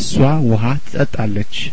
እሷ ውሃ ትጠጣለች